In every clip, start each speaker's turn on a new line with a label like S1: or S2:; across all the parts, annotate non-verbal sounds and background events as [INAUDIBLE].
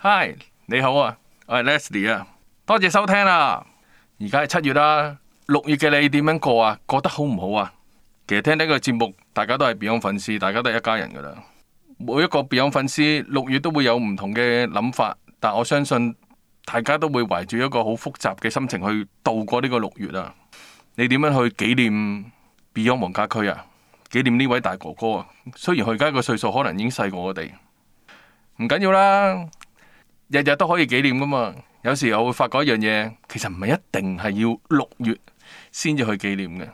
S1: Hi，你好啊，我係 Leslie 啊，多謝收聽啊。而家係七月啦，六月嘅你點樣過啊？過得好唔好啊？其實聽呢個節目，大家都係 Beyond 粉絲，大家都係一家人噶啦。每一個 Beyond 粉絲六月都會有唔同嘅諗法，但我相信大家都會懷住一個好複雜嘅心情去度過呢個六月啊。你點樣去紀念 Beyond 黃家駒啊？紀念呢位大哥哥啊？雖然佢而家個歲數可能已經細過我哋，唔緊要啦。日日都可以紀念噶嘛，有時我會發覺一樣嘢，其實唔係一定係要六月先至去紀念嘅。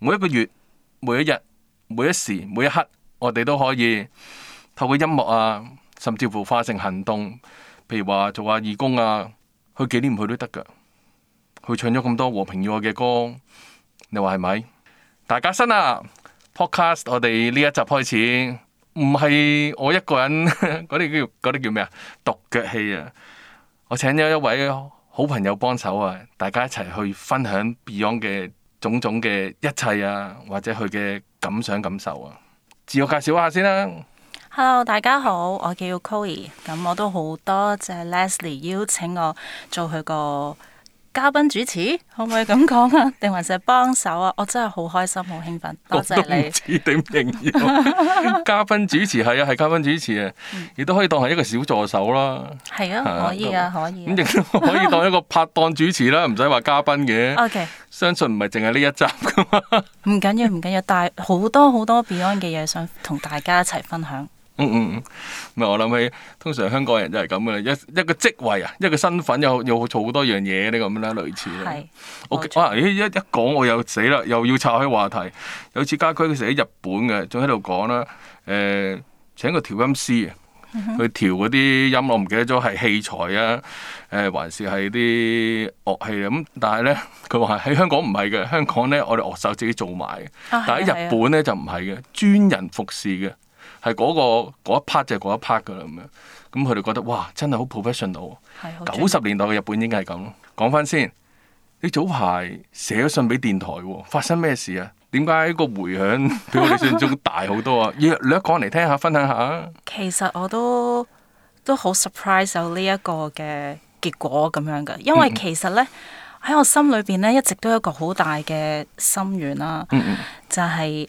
S1: 每一個月、每一日、每一時、每一刻，我哋都可以透過音樂啊，甚至乎化成行動，譬如話做下義工啊，去紀念佢都得噶。佢唱咗咁多和平與愛嘅歌，你話係咪？大家新啊，Podcast 我哋呢一集開始。唔係我一個人，嗰 [LAUGHS] 啲叫啲叫咩啊？獨腳戲啊！我請咗一位好朋友幫手啊，大家一齊去分享 Beyond 嘅種種嘅一切啊，或者佢嘅感想感受啊。自我介紹下先啦。
S2: Hello，大家好，我叫 Cory，咁我都好多謝 Leslie 邀請我做佢個。嘉賓主持可唔可以咁講啊？定還是幫手啊？我真係好開心，好興奮，多謝你。我都唔
S1: 知點形容。 [LAUGHS] 嘉賓主持係啊，係嘉賓主持啊，亦都可以當係一個小助手啦。
S2: 係啊，可以啊，啊可以，
S1: 啊。可以當一個拍檔主持啦，唔使話嘉賓嘅。O Okay , K，相信唔係淨係呢一集噶
S2: 嘛。唔緊要，唔緊要，但係好多好多，多 Beyond 嘅嘢想同大家一齊分享。
S1: 嗯嗯嗯，唔係我諗起通常香港人就係咁嘅，一一個職位啊，一個身份又又做好多樣嘢呢咁啦，類似咧。是我啊，咦錯一一講我又死啦，又要岔開話題。有次家駒佢寫喺日本嘅，仲喺度講啦。誒、呃，請個調音師去、嗯、哼調嗰啲音樂，唔記得咗係器材啊，誒、呃、還是係啲樂器啊。咁但係咧，佢話喺香港唔係嘅，香港咧我哋樂手自己做埋嘅。啊係但喺日本咧就唔係嘅，專人服侍嘅。係嗰、嗰個嗰一 part 就係嗰一 part 噶啦，咁樣咁佢哋覺得哇，真係好 professional 九十年代嘅日本應該係咁咯。講翻先，你早排寫咗信俾電台喎，發生咩事啊？點解個迴響比我哋想象中大好多啊？約你一講嚟聽下，分享下。
S2: 其實我都都好 surprise 有呢一個嘅結果咁樣嘅，因為其實呢，喺、嗯嗯、我心裏邊呢，一直都有一個好大嘅心願啦。嗯嗯就係、係、誒。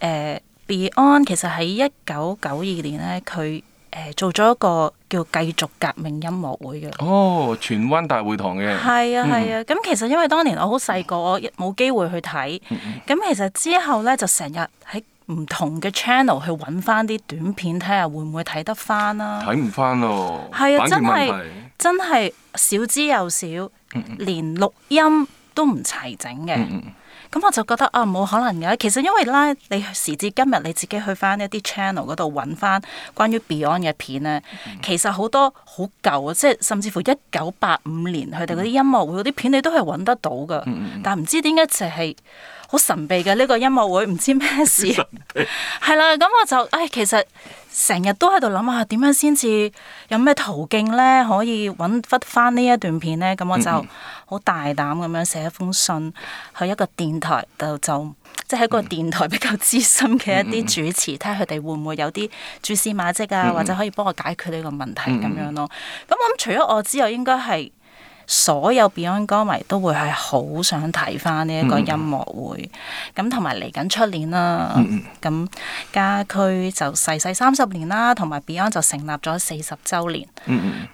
S2: 呃 Beyond 其實喺一九九二年咧，佢誒、呃、做咗一個叫繼續革命音樂會嘅。
S1: 哦，荃灣大會堂嘅。係啊係啊，咁、啊
S2: 嗯嗯嗯、其實因為當年我好細個，我冇機會去睇。咁、嗯嗯嗯、其實之後咧，就成日喺唔同嘅 channel 去揾翻啲短片，睇下會唔會睇得翻啦？睇
S1: 唔翻咯，係啊，啊真係
S2: 真係少之又少，嗯嗯嗯連錄音都唔齊整嘅。嗯嗯咁我就覺得啊，冇可能嘅。其實因為咧，你時至今日你自己去翻一啲 channel 嗰度揾翻關於 Beyond 嘅片咧，mm hmm. 其實好多好舊啊，即係甚至乎一九八五年佢哋嗰啲音樂會嗰啲片，你都係揾得到嘅。Mm hmm. 但唔知點解就係、是。好神秘嘅呢、呢個音樂會，唔知咩事，係啦秘。咁 [LAUGHS] 我就誒、哎，其實成日都喺度諗下點樣先至有咩途徑咧，可以揾翻翻呢一段片咧？咁我就好大膽咁樣寫一封信嗯嗯去一個電台就，就，就即、是、係一個電台比較資深嘅一啲主持，睇下佢哋會唔會有啲蛛絲馬跡啊，嗯嗯或者可以幫我解決呢個問題咁、嗯嗯、樣咯。咁我諗除咗我之外，應該係。所有 Beyond 歌迷都會係好想睇翻呢一個音樂會，咁同埋嚟緊出年啦，咁家駒就逝世三十年啦，同埋 Beyond 就成立咗四十週年，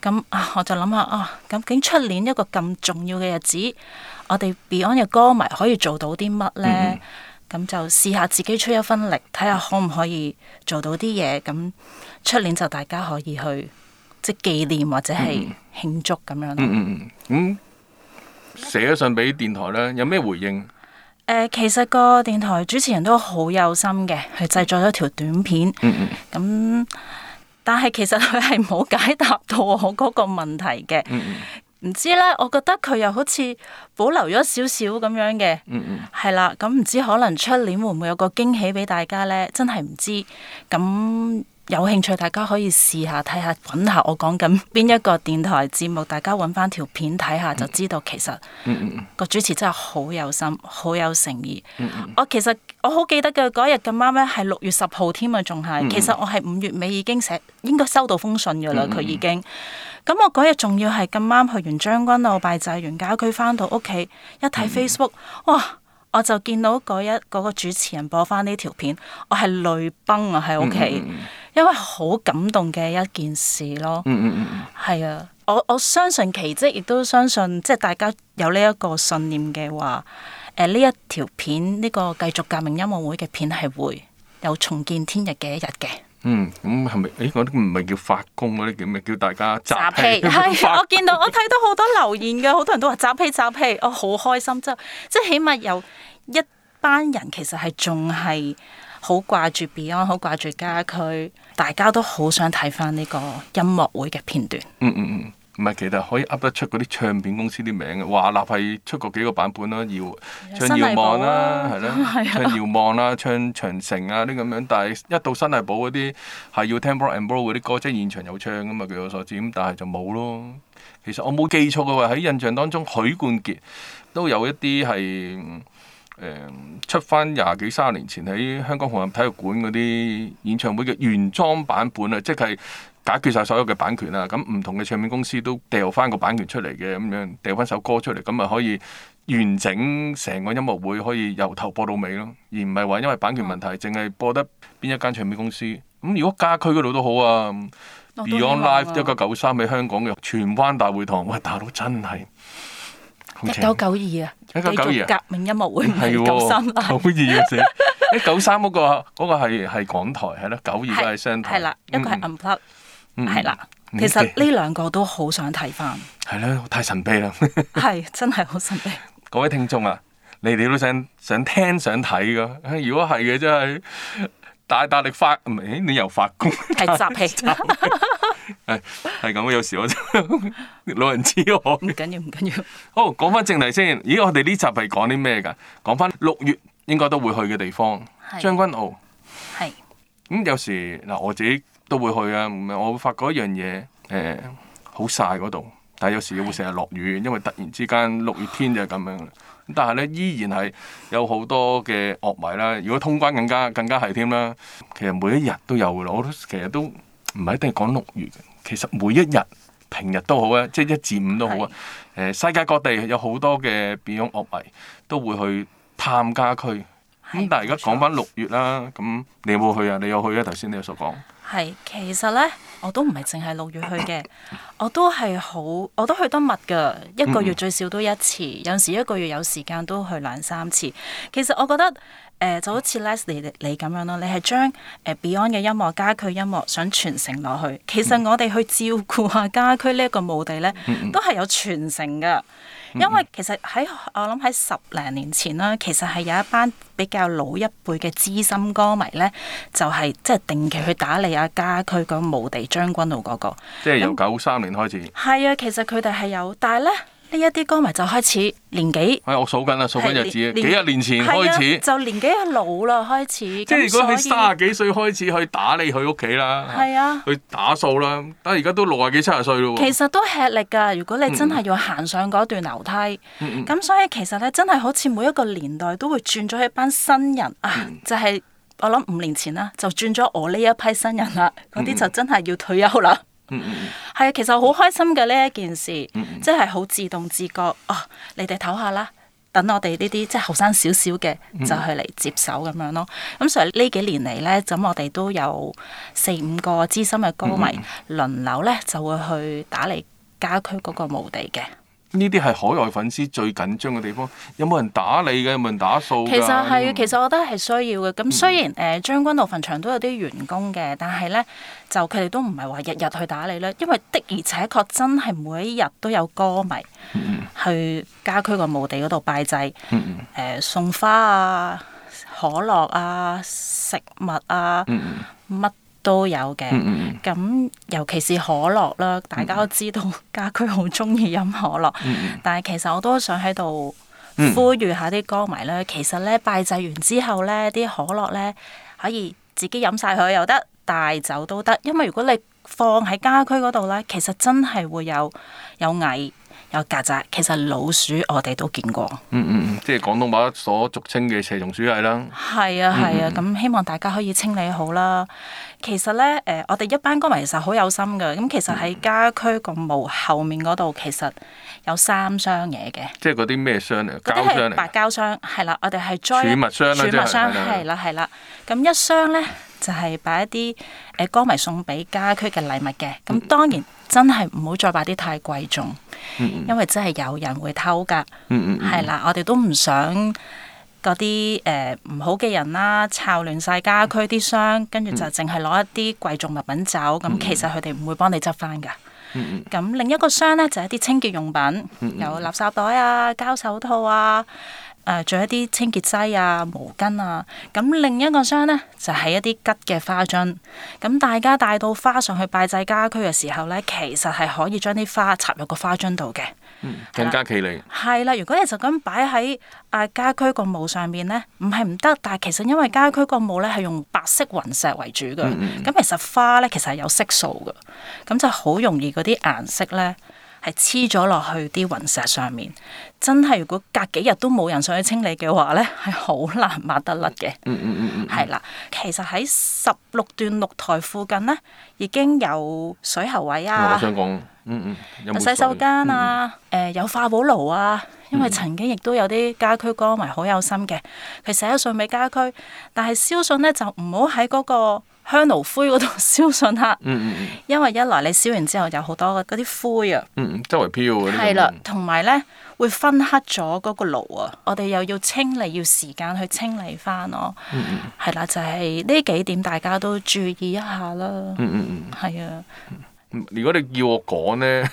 S2: 咁、嗯、我就諗下啊，究竟出年一個咁重要嘅日子，我哋 Beyond 嘅歌迷可以做到啲乜呢？咁、嗯、就試下自己出一分力，睇下可唔可以做到啲嘢，咁出年就大家可以去。即係紀念或者係慶祝咁樣咯。嗯，
S1: 嗯嗯嗯，咁寫咗信俾電台咧，有咩回應？
S2: 誒、呃，其實個電台主持人都好有心嘅，佢製作咗條短片。嗯咁、嗯嗯，但係其實佢係冇解答到我嗰個問題嘅。唔、嗯嗯嗯、知咧，我覺得佢又好似保留咗少少咁樣嘅。嗯嗯，嗯、啊。係啦，咁唔知可能出年會唔會有個驚喜俾大家咧？真係唔知。咁。有興趣大家可以試下睇下，搵下我講緊邊一個電台節目，大家搵翻條片睇下，就知道其實個主持真係好有心，好有誠意。 [NOISE] 我其實我好記得嘅嗰日咁啱咧，係六月十號添啊，仲係。其實我係五月尾已經寫，應該收到封信噶啦，佢已經。咁 [NOISE] 我嗰日仲要係咁啱去完將軍澳，拜祭完家駒，翻到屋企一睇 Facebook，哇！我就見到嗰一嗰，嗰個主持人播翻呢條片，我係淚崩啊喺屋企。 [NOISE] 因為好感動嘅一件事咯，嗯嗯嗯，係啊，我我相信奇蹟，亦都相信即係大家有呢一個信念嘅話，誒、呃、呢一條片呢、呢個繼續革命音樂會嘅片係會有重見天，天日嘅一日嘅、
S1: 嗯。嗯，咁係咪？呢嗰啲唔係叫發功嗰啲叫咩？叫大家集氣？係我
S2: 見到我睇到好多留言嘅，好多人都話集氣集氣，我好開心，即係即係起碼有一班人其實係仲係。好掛住 Beyond，好掛住家駒，大家都好想睇翻呢個音樂會嘅片段。嗯嗯
S1: 嗯，唔係其實可以噏得出嗰啲唱片公司啲名嘅，華納係出過幾個版本咯，要唱遙望啦，係咯，唱遙望啦、啊，唱長城啊啲咁樣，但係一到新藝寶嗰啲係要 Tempo and Blow 嗰啲歌，即係現場有唱噶嘛，據我所知，咁但係就冇咯。其實我冇記錯嘅話，喺印象當中許冠傑都有一啲係。嗯、出翻廿幾三十年前喺香港紅磡體育館嗰啲演唱會嘅原裝版本啊，即係解決晒所有嘅版權啦。咁唔同嘅唱片公司都掉翻個版權出嚟嘅，咁樣掉翻首歌出嚟，咁咪可以完整成個音樂會可以由頭播到尾咯。而唔係話因為版權問題，淨係、嗯、播得邊一間唱片公司。咁如果家區嗰度都好啊、
S2: 哦，Beyond Live 一九
S1: 九三喺香港嘅荃灣大會堂，喂大佬真係～
S2: 一九九二啊，繼續革命音樂會唔係，九三
S1: 啊，一九三嗰個嗰個係係港台，係咯，九二都係商台。係啦，一個係
S2: unplugged，
S1: 係啦。其實呢
S2: 兩個都好想睇翻。
S1: 係咯，太神秘啦。
S2: 係真係好神秘。
S1: 各位聽眾啊，你哋都想想聽想睇嘅，如果係嘅真係。大大力發，唔係你又發功，
S2: 係集氣。
S1: 係係咁，有時我就老人痴呆。唔緊要，唔緊要。好，講翻正題先，咦？我哋呢集係講啲咩㗎？講翻六月應該都會去嘅地方，將軍澳。係。咁有時嗱，我自己都會去啊。唔係，我發覺一樣嘢，誒，好曬嗰度。但有時會成日落雨，因為突然之間六月天就咁樣。但係咧，依然係有好多嘅樂迷啦。如果通關更加更加係添啦，其實每一日都有嘅。我其實都唔係一定講六月，其實每一日平日都好啊，即係一至五都好啊。是世界各地有好多嘅變種樂迷都會去探家區。咁是但係而家講翻六月啦，咁你有冇去啊？你有去啊？頭先你有所講
S2: 係其實呢。我都唔係淨係六月去嘅，我都係好，我都去得密㗎。一個月最少都一次，有時一個月有時間都去兩三次。其實我覺得。誒，就好似 Leslie 你咁樣咯，你係將誒 Beyond 嘅音樂、家駒音樂想傳承落去。其實我哋去照顧下家駒呢一個墓地咧， [LAUGHS] 都係有傳承噶。因為其實喺我諗喺十零年前啦，其實係有一班比較老一輩嘅資深歌迷咧，就係即係定期去打理下家駒個墓地將軍澳嗰、那個。
S1: 即係由九三年開始。
S2: 係、嗯、啊，其實佢哋係有，但係咧。呢一啲歌迷就開始年紀，
S1: 哎、我數緊啦，數緊日子，幾一年前開始、啊、就
S2: 年紀老啦，開始。即係是如果喺三十
S1: 幾歲開始去，啊、去打理佢屋企啦，係啊，去打掃啦。但係而家都六啊幾七十歲咯喎。其
S2: 實都吃力噶，如果你真係要行上嗰段樓梯，咁、嗯嗯、所以其實咧，真係好似每一個年代都會轉咗一班新人啊，嗯、 [LAUGHS] 就係我諗五年前啦，就轉咗我呢一批新人啦，嗰啲就真係要退休啦。嗯嗯。係，其實好開心嘅呢一件事，mm hmm. 即係好自動自覺。哦、啊，你哋唞下啦，等我哋呢啲即係後生少少嘅就去嚟接手咁樣咯。咁所以呢幾年嚟咧，咁我哋都有四五個資深嘅歌迷輪、mm hmm. 流咧，就會去打理家居嗰個墓地嘅。
S1: 呢啲係海外粉絲最緊張嘅地方，有冇人打理嘅？有冇人打掃？其實係，
S2: 其實我覺得係需要嘅。咁雖然誒、嗯呃、將軍澳墳場都有啲員工嘅，但係咧就佢哋都唔係話日日去打理咧，因為的而且確真係每一日都有歌迷去家區個墓地嗰度拜祭，誒、呃、送花啊、可樂啊、食物啊，乜、嗯。嗯嗯都有嘅，咁尤其是可樂啦，大家都知道家駒好鍾意飲可樂，嗯、但係其實我都想喺度呼籲下啲歌迷咧，嗯、其實咧拜祭完之後咧，啲可樂咧可以自己飲晒，佢又得，帶走都得，因為如果你放喺家駒嗰度咧，其實真係會有有蟻。有曱甴，其實老鼠我哋都見過。嗯
S1: 嗯嗯，即係廣東話所俗稱嘅蛇蟲鼠蟻啦。
S2: 係啊係啊，咁希望大家可以清理好啦。其實咧，誒，我哋一班歌迷其實好有心㗎。咁其實喺家居個墓後面嗰度，其實有三箱嘢嘅。
S1: 即係嗰啲咩箱啊？膠箱嚟。白
S2: 膠箱係啦，我哋係儲物箱啦。儲物箱係啦係啦。咁一箱咧就係擺一啲誒歌迷送俾家居嘅禮物嘅。咁當然真係唔好再擺啲太貴重。因為真係有人會偷噶係啦、嗯嗯嗯，我哋都唔想嗰啲誒唔好嘅人啦，巢亂晒家居啲箱，跟住就淨係攞一啲貴重物品走，咁、嗯嗯嗯、其實佢哋唔會幫你執翻噶咁、嗯嗯嗯、另一個箱咧就係、一啲清潔用品，嗯嗯嗯、有垃圾袋啊、膠手套啊。誒、啊，做一啲清潔劑啊、毛巾啊，咁另一個箱咧就係、是、一啲吉嘅花樽。咁大家帶到花上去拜祭家區嘅時候咧，其實係可以將啲花插入個花樽度嘅。
S1: 嗯啊、更加企理。
S2: 係啦、啊，如果你就咁擺喺阿家區個墓上面咧，唔係唔得。但係其實因為家區個墓咧係用白色雲石為主嘅，咁、嗯嗯、其實花咧其實係有色素嘅，咁就好容易嗰啲顏色咧，係黐咗落去啲雲石上面，真係如果隔幾日都冇人上去清理嘅話咧，係好難抹得甩嘅、嗯。嗯嗯嗯嗯，係啦。其實喺十六段六台附近咧，已經有水喉位啊。
S1: 哦、嗯、嗯洗手間啊，
S2: 誒、嗯呃，有化寶爐啊。因為曾經亦都有啲家駒歌迷好有心嘅，佢寫咗信俾家駒，但係燒信咧就唔好喺嗰個。香爐灰嗰度燒信黑，嗯嗯因為一來你燒完之後有好多嗰啲灰啊，嗯，
S1: 周圍飄嗰啲係啦，
S2: 同埋咧會分黑咗嗰個爐啊，我哋又要清理，要時間去清理翻咯，嗯嗯，係啦，就係、是、呢幾點，大家都注意一下啦，嗯嗯嗯，係啊的。嗯
S1: 如果你叫我講咧，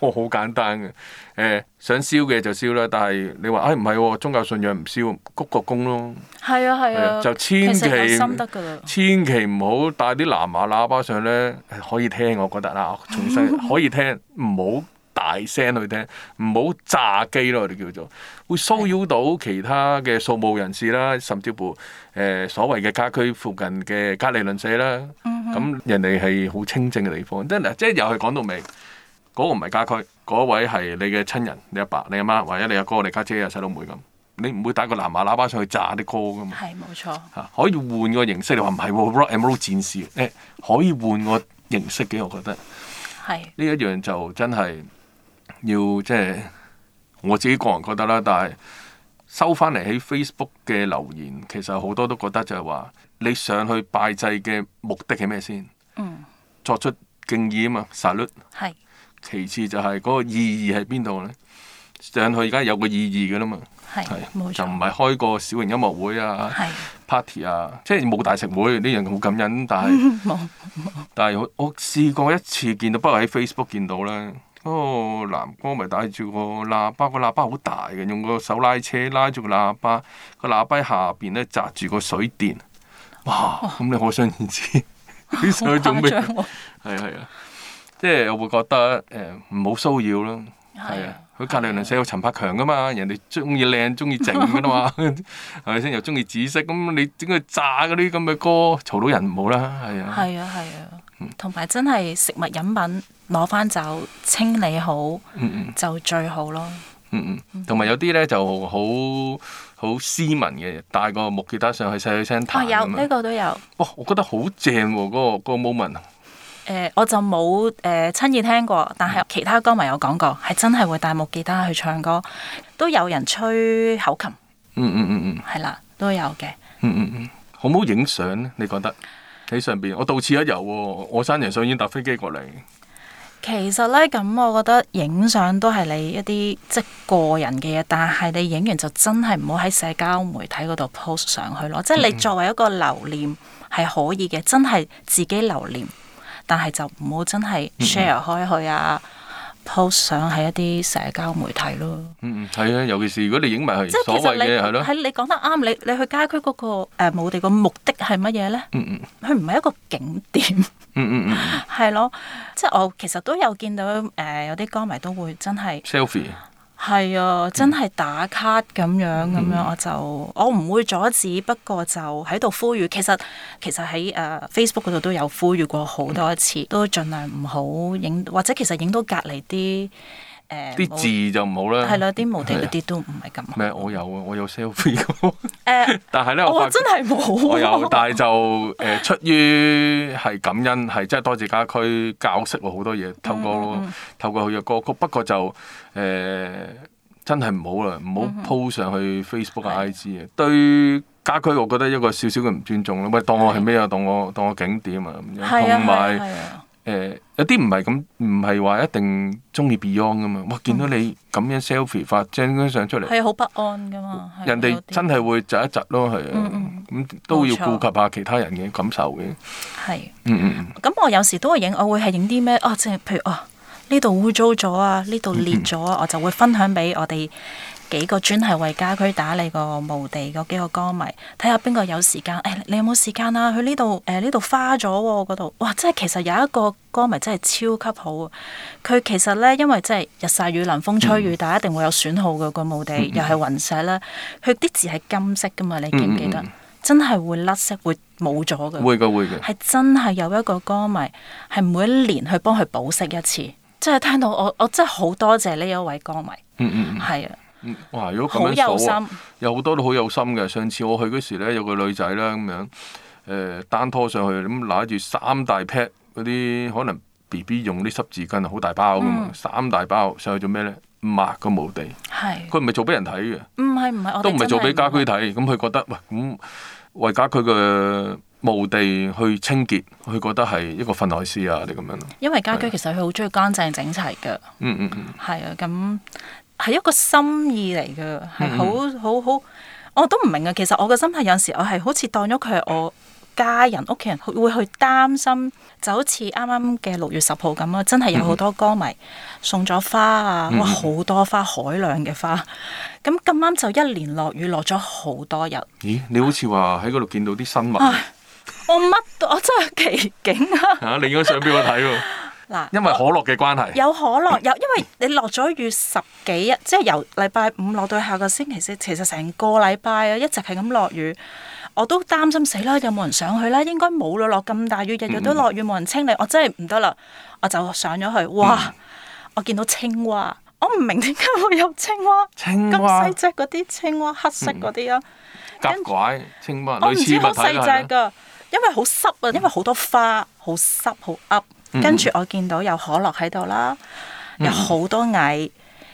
S1: 我 [LAUGHS] 好，好簡單嘅，誒、欸、想燒嘅就燒啦。但係你話，哎唔係、哦、宗教信仰唔燒，鞠個躬咯。
S2: 係啊係啊，啊啊就千祈
S1: 千祈唔好帶啲藍牙喇叭上咧，可以聽我覺得啦，從細 [LAUGHS] 可以聽，唔好。大聲去聽，唔好炸機咯！我哋叫做會騷擾到其他嘅掃墓人士啦，甚至乎誒、呃、所謂嘅家居附近嘅隔籬鄰舍啦、嗯哼。咁、嗯、人哋係好清靜嘅地方，即係嗱，即係又係講到尾，嗰個唔係家居，嗰位係你嘅親人，你阿爸、你阿媽，或者你阿哥、你家姐，姐、你細佬妹咁，你唔會打個藍牙喇叭上去炸啲歌噶嘛、啊？係冇、嗯、錯嚇，可以換個形式。你話唔係 rock and roll 戰士誒，可以換個形式嘅，我覺得
S2: 係
S1: 呢一樣就真係。要即係我自己個人覺得啦，但係收翻嚟喺 Facebook 嘅留言，其實好多都覺得就係話你上去拜祭嘅目的係咩先？嗯、作出敬意啊嘛，salute。Sal ud, 是其次就係嗰個意義喺邊度呢？上去而家有個意義噶啦嘛，就唔係開個小型音樂會啊是，party 啊，即係冇大食會呢樣好感恩，但係 [LAUGHS] 但係我我試過一次見到，不過喺 Facebook 見到啦。嗰個、oh, 男哥咪帶住個喇叭，個喇叭好大嘅，用個手拉車拉住個喇叭，個喇叭下邊咧紮住個水電，哇！咁你可想而知，
S2: 佢做咩？係啊係
S1: 啊，即係我會覺得誒唔好騷擾啦，係啊。佢隔離鄰舍有陳百強噶嘛，人哋中意靚中意靜噶啦嘛，係咪先？又中意紫色，咁你整佢炸嗰啲咁嘅歌，嘈到人唔好啦，係啊。
S2: 係啊係啊，同埋真係食物飲品。攞翻走，清理好，嗯嗯，就最好咯。同
S1: 埋、嗯嗯、有啲呢就好好斯文嘅，帶個木吉他上去細聲彈、啊。樣有呢、呢個都有。我覺得好正喎！嗰、嗰個 moment。誒、那
S2: 個欸，我就冇誒、呃、親耳聽過，但係其他歌迷有講過，係、嗯、真係會帶木吉他去唱歌，都有人吹口琴。嗯
S1: 嗯嗯嗯，
S2: 係啦，都有嘅。嗯
S1: 嗯嗯，嗯嗯，好唔好影相咧？你覺得喺上邊？我到此一遊、啊，我山人上已經搭飛機過嚟。
S2: 其實咧，咁我覺得影相都係你一啲即個人嘅嘢，但係你影完就真係唔好喺社交媒體嗰度 post 上去咯。即係你作為一個留念係可以嘅，真係自己留念，但係就唔好真係 share 開去啊。好想喺一啲社交媒體咯。
S1: 嗯嗯，係啊，尤其是如果你影埋去，即係是 所謂嘅係咯。係
S2: 你講得啱，你你，你去街區嗰、那個墓地個目的係乜嘢咧？嗯嗯，佢唔係一個景點。 [LAUGHS] 嗯嗯嗯，係咯，即係我其實都有見到誒、呃、有啲歌迷都會真係 selfie。係啊，真係打卡咁樣咁樣，樣我就我唔會阻止，不過就喺度呼籲。其實其實喺誒 Facebook 嗰度都有呼籲過好多次，都盡量唔好影或者其實影到隔離啲啲誒字
S1: 就唔好啦，係啦、嗯，啲毛啲嗰啲都唔係咁。咩？我有啊，我有 selfie 咁。誒 [LAUGHS] 呢，但係咧，我真係冇。我有，但係就誒、呃，出於係感恩，係真係多謝家駒教識我好多嘢，透過、嗯嗯、透過佢嘅歌曲。不過就誒、呃，真係唔好啦，唔好 po 上去 Facebook 嘅 IG 啊、嗯，嗯、對家駒，我覺得一個少少嘅唔尊重咯。喂對，當我係咩啊？當我當我景點啊咁樣，同埋。誒，有啲唔係咁，唔係話一定中意 Beyond 噶嘛？哇！見到你咁樣 selfie 發張張相出嚟，係好
S2: 不安噶嘛。人哋
S1: 真係會窒一窒咯，係啊，咁、嗯嗯、都要顧及下其他人嘅感受嘅。係錯，嗯
S2: 嗯咁我有時都會影，我會係影啲咩哦，即係譬如哦，呢度污糟咗啊，呢度裂咗，啊，啊嗯、哼我就會分享俾我哋，幾個專係為家居打理個墓地嗰幾個歌迷，睇下邊個有時間？誒、哎，你有冇時間啊？佢呢度誒，呢度花咗嗰度，哇！真係其實有一個歌迷真係超級好。佢其實咧，因為真係日曬雨淋、風吹雨打，一定會有損耗嘅，個墓地，又係雲石咧，佢啲字係金色㗎嘛？你記唔記得？嗯嗯嗯嗯，真係會甩色，會冇咗嘅。會嘅，會嘅。係真係有一個歌迷係每一年去幫佢補色一次，真係聽到我，我真係好多謝呢一位歌迷。嗯啊。
S1: 哇！如果咁樣數啊，有好多都好有心嘅。上次我去嗰時咧，有個女仔啦咁樣，誒單拖上去咁攞住三大 pack 嗰啲可能 BB 用啲濕紙巾啊，好大包㗎嘛，三大包上去做咩咧？抹個墓地，係佢唔係做俾人睇嘅，唔係唔
S2: 係，都唔係做俾家
S1: 居睇。咁佢覺得喂，咁為家居嘅墓地去清潔，佢覺得係一個份內事啊，你咁樣咯。
S2: 因為家居其實佢好鍾意乾淨整齊㗎。嗯嗯嗯，係啊，咁。係一個心意嚟嘅。係好好好，我都唔明啊。其實我嘅心態有陣時，我係好似當咗佢係我家人、屋企人，會去擔心，就好似啱啱嘅六月十號咁啊，真係有好多歌迷送咗花啊，哇，好多花，海量嘅花。咁咁啱就一年落雨落咗好多日。
S1: 咦？你好似話喺嗰度見到啲新聞，
S2: 我乜都，我真係奇景
S1: 啊！吓、啊，你應該上俾我睇喎、啊。嗱，因為可樂嘅關係，
S2: 有可樂有，因為你落咗雨十幾日， [COUGHS] 即係由禮拜五落到下個星期四，其實成個禮拜啊一直係咁落雨，我都擔心死啦，有冇人上去啦？應該冇啦，落咁大雨，日日都落雨，冇人清理，我真係唔得啦，我就上咗去，哇！ [COUGHS] 我見到青蛙，我唔明點解會有青蛙，咁細隻嗰啲青蛙，黑色嗰啲啊，
S1: 奇怪、嗯，青蛙唔後知。好細隻
S2: 㗎，因為好濕啊、濕啊，因為好多花，好濕，好噏。跟住我見到有可樂喺度啦，有好多蟻，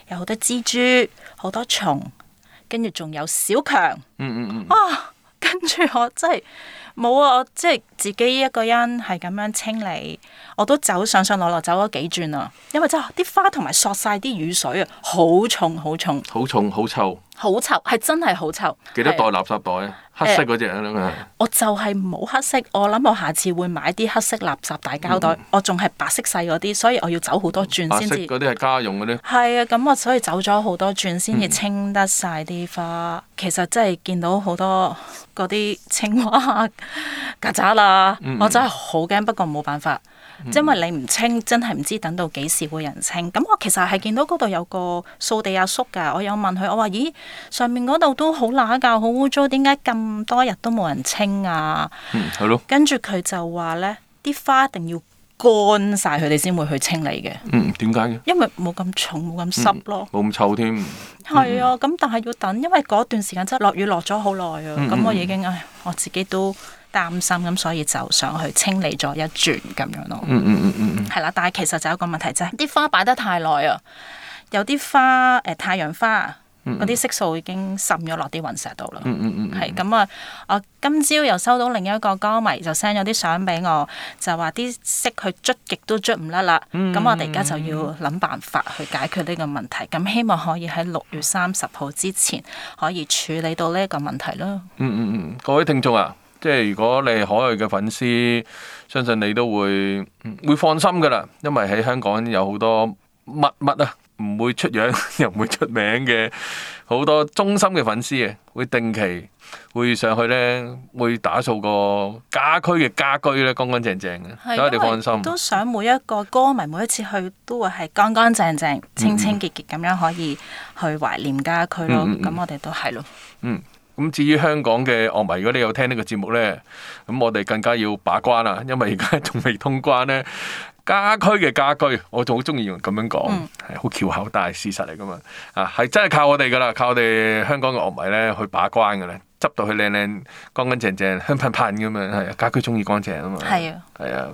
S2: 有好多蜘蛛，好多蟲，跟住仲有小強。嗯嗯嗯。啊，跟住我真係冇啊！我即係。自己一個人係咁樣清理，我都走上上落落走咗幾轉啊！因為真係啲花同埋索晒啲雨水啊，好重好重，好重好臭，好臭係真係好臭。幾多袋垃圾袋啊？是黑色嗰隻、哎、我就係冇黑色，我諗我下次會買啲黑色垃圾大膠袋。嗯、我仲係白色細嗰啲，所以我要走好多轉先。白色嗰
S1: 啲係家用嗰啲。
S2: 係啊，咁我所以走咗好多轉先，至清得晒啲花。嗯、其實真係見到好多嗰啲青蛙曱甴啦。 [LAUGHS] Mm hmm. 我真係好驚，不過冇辦法，mm hmm. 因為你唔清，真係唔知等到幾時會人清。咁我其實係見到嗰度有個掃地阿叔噶，我有問佢，我話：咦，上面嗰度都好邋遢，好污糟，點解咁多日都冇人清啊？Mm hmm. 跟住佢就話呢啲花一定要乾晒，佢哋先會去清理嘅。
S1: 嗯，點解？
S2: 因為冇咁重，冇咁濕咯，
S1: 冇咁臭添。
S2: 係啊，咁但係要等，因為嗰段時間真係落雨落咗好耐啊。咁、mm hmm. 我已經我自己都。擔心咁，所以就想去清理咗一轉咁樣咯。嗯嗯嗯嗯，係啦，但係其實就有一個問題啫，啲、就係、花擺得太耐啊，有啲花誒、呃，太陽花嗰啲、嗯嗯嗯、色素已經滲咗落啲雲石度啦。嗯，嗯嗯嗯。係咁啊，我今朝又收到另一個歌迷就 send 咗啲相俾我，就話啲色佢捽極都捽唔甩啦。嗯，嗯，嗯。咁我哋而家就要諗辦法去解決呢個問題，咁希望可以喺六月三十號之前可以處理到呢個問題咯。嗯嗯嗯，
S1: 各位聽眾啊。即係如果你係海外嘅粉絲，相信你都會、嗯、會放心噶啦，因為喺香港有好多乜乜啊，唔會出樣又唔會出名嘅好多忠心嘅粉絲啊，會定期會上去咧，會打掃個家居嘅家居咧，乾乾淨淨嘅，所以你放心。都
S2: 想每一個歌迷每一次去都會係乾乾淨淨、清清潔潔咁樣可以去懷念家居咯。咁我哋都係咯。嗯。
S1: 咁至於香港嘅樂迷，如果你有聽呢個節目呢，咁我哋更加要把關啦，因為而家仲未通關呢，家居嘅家居，我仲好中意用咁樣講，係好翹口，但係事實嚟噶嘛。啊，係真係靠我哋噶啦，靠我哋香港嘅樂迷呢去把關嘅咧。執到佢靚靚、乾乾淨淨、香噴噴咁樣！係啊，家居中意乾淨啊嘛。係啊，係啊，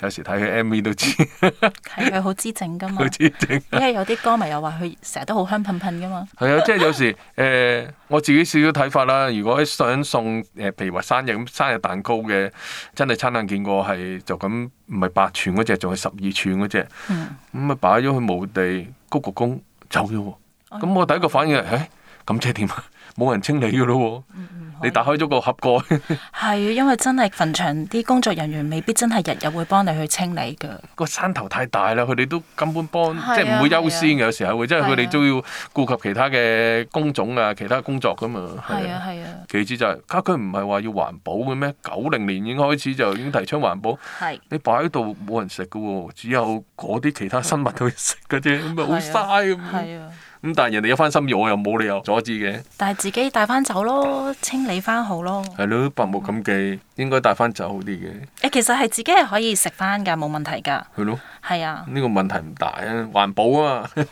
S1: 有時睇佢 M V 都知。
S2: 係佢好姿整噶嘛。好
S1: 姿整。因為有
S2: 啲歌迷又話佢成日都好香噴噴噶嘛。係啊， [LAUGHS] 即
S1: 係有時誒、呃，我自己少少睇法啦。如果係想送誒，譬、呃、如話生日咁，生日蛋糕嘅真係親眼見過，係就咁唔係八吋嗰隻，仲係十二吋嗰隻。Mm hmm. 嗯。咁啊，擺咗去墓地鞠個躬，走咗喎。哦。咁我第一個反應係，哎、欸。咁即係點啊？冇人清理嘅咯喎。是 le [NOISE] 你打開咗個盒蓋 [LAUGHS] ，
S2: 係因為真係墳場啲工作人員未必真係日日會幫你去清理㗎。
S1: 個山頭太大啦，佢哋都根本幫是、啊、即係唔會優先嘅，是啊、有時候會即係佢哋都要顧及其他嘅工種啊，其他工作㗎嘛。係啊係是啊。其次就係、是，佢佢唔係話要環保嘅咩？九零年已經開始就已經提倡環保。是啊、你擺喺度冇人食㗎喎，只有嗰啲其他生物都食㗎啫。咁啊好嘥咁。係啊。
S2: 咁
S1: 但係人哋有翻心意，我又冇理由阻止嘅。
S2: [LAUGHS] 但係自己帶翻走咯，清理。俾翻好
S1: 咯，係咯，百木咁計應該帶翻走好啲嘅。
S2: 誒，其實係自己係可以食翻噶，冇問題噶。係咯，係啊，
S1: 呢個問題唔大啊，環保啊嘛。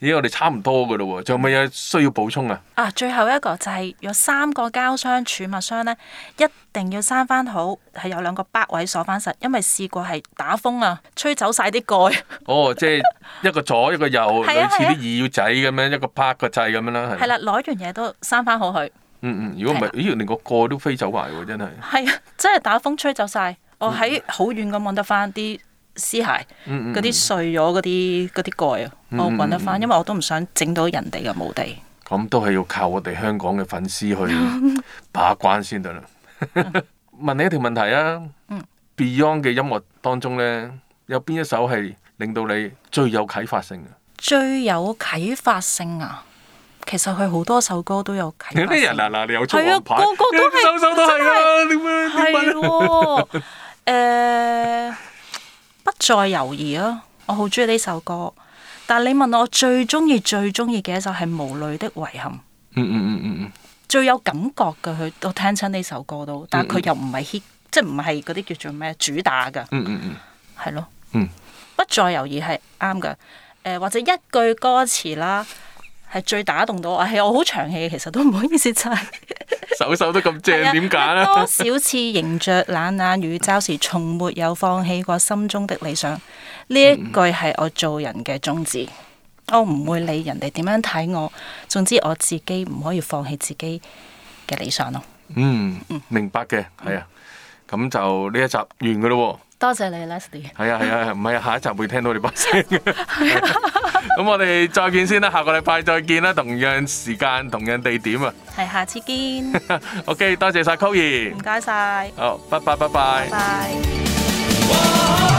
S1: 咦，我哋差唔多噶啦喎，仲有乜嘢需要補充啊？
S2: 啊，最後一個就係有三個膠箱儲物箱咧，一定要閂翻好，係有兩個把位鎖翻實，因為試過係打風啊，吹走晒啲蓋。
S1: 哦，即係一個左一個右，類似啲耳仔咁樣，一個啪個掣咁樣啦。係啦，
S2: 攞樣嘢都閂翻好佢。
S1: 嗯嗯，如果唔係，的咦，連個蓋都飛走埋喎，真係。
S2: 係 [NOISE] 啊，真係打風吹走晒。我喺好遠咁揾得翻啲屍骸，嗰啲、嗯嗯嗯、碎咗嗰啲嗰啲蓋啊，嗯嗯嗯嗯我揾得翻，因為我都唔想整到人哋嘅墓地。
S1: 咁都係要靠我哋香港嘅粉絲去把關先得啦。嗯嗯 [LAUGHS] 問你一條問題啊、嗯、，Beyond 嘅音樂當中咧，有邊一首係令到你最有啟發性嘅？
S2: 最有啟發性啊？其實佢好多首歌都有
S1: 睇，啲人嗱嗱，你又出王牌，個個都係，首首都係啊，點解？係喎、啊，
S2: 誒，不再猶豫啊！我好中意呢首歌，但係你問我最中意、最中意嘅一首係《無淚的遺憾》。嗯嗯
S1: 嗯嗯
S2: 嗯，最有感覺嘅佢都聽親呢首歌都，但係佢又唔係 hit，即係唔係嗰啲叫做咩主打噶。嗯嗯
S1: 嗯，
S2: 係咯，嗯，不再猶豫係啱噶。誒、呃，或者一句歌詞啦。係最打動到、哎、我，係我好長氣其實都唔好意思，真係
S1: 手手都咁正，點解咧？呢多少
S2: 次迎着冷眼與嘲笑，從沒有放棄過心中的理想。呢一句係我做人嘅宗旨。嗯、我唔會理會人哋點樣睇我。總之，我自己唔可以放棄自己嘅理想咯。嗯，
S1: 嗯，明白嘅，係啊。咁就呢一集完噶咯。
S2: 多謝，謝你 Leslie
S1: 係啊係啊，唔係啊，啊，下一集會聽到你把聲。 [LAUGHS] [LAUGHS] [LAUGHS] 咁 [LAUGHS] [LAUGHS] 我哋再見先啦，下個禮拜再見啦，同樣時間、同樣地點啊，
S2: 係下次見。
S1: [LAUGHS] OK，多謝曬邱言。唔該曬。好，拜拜，拜拜。
S2: 拜拜。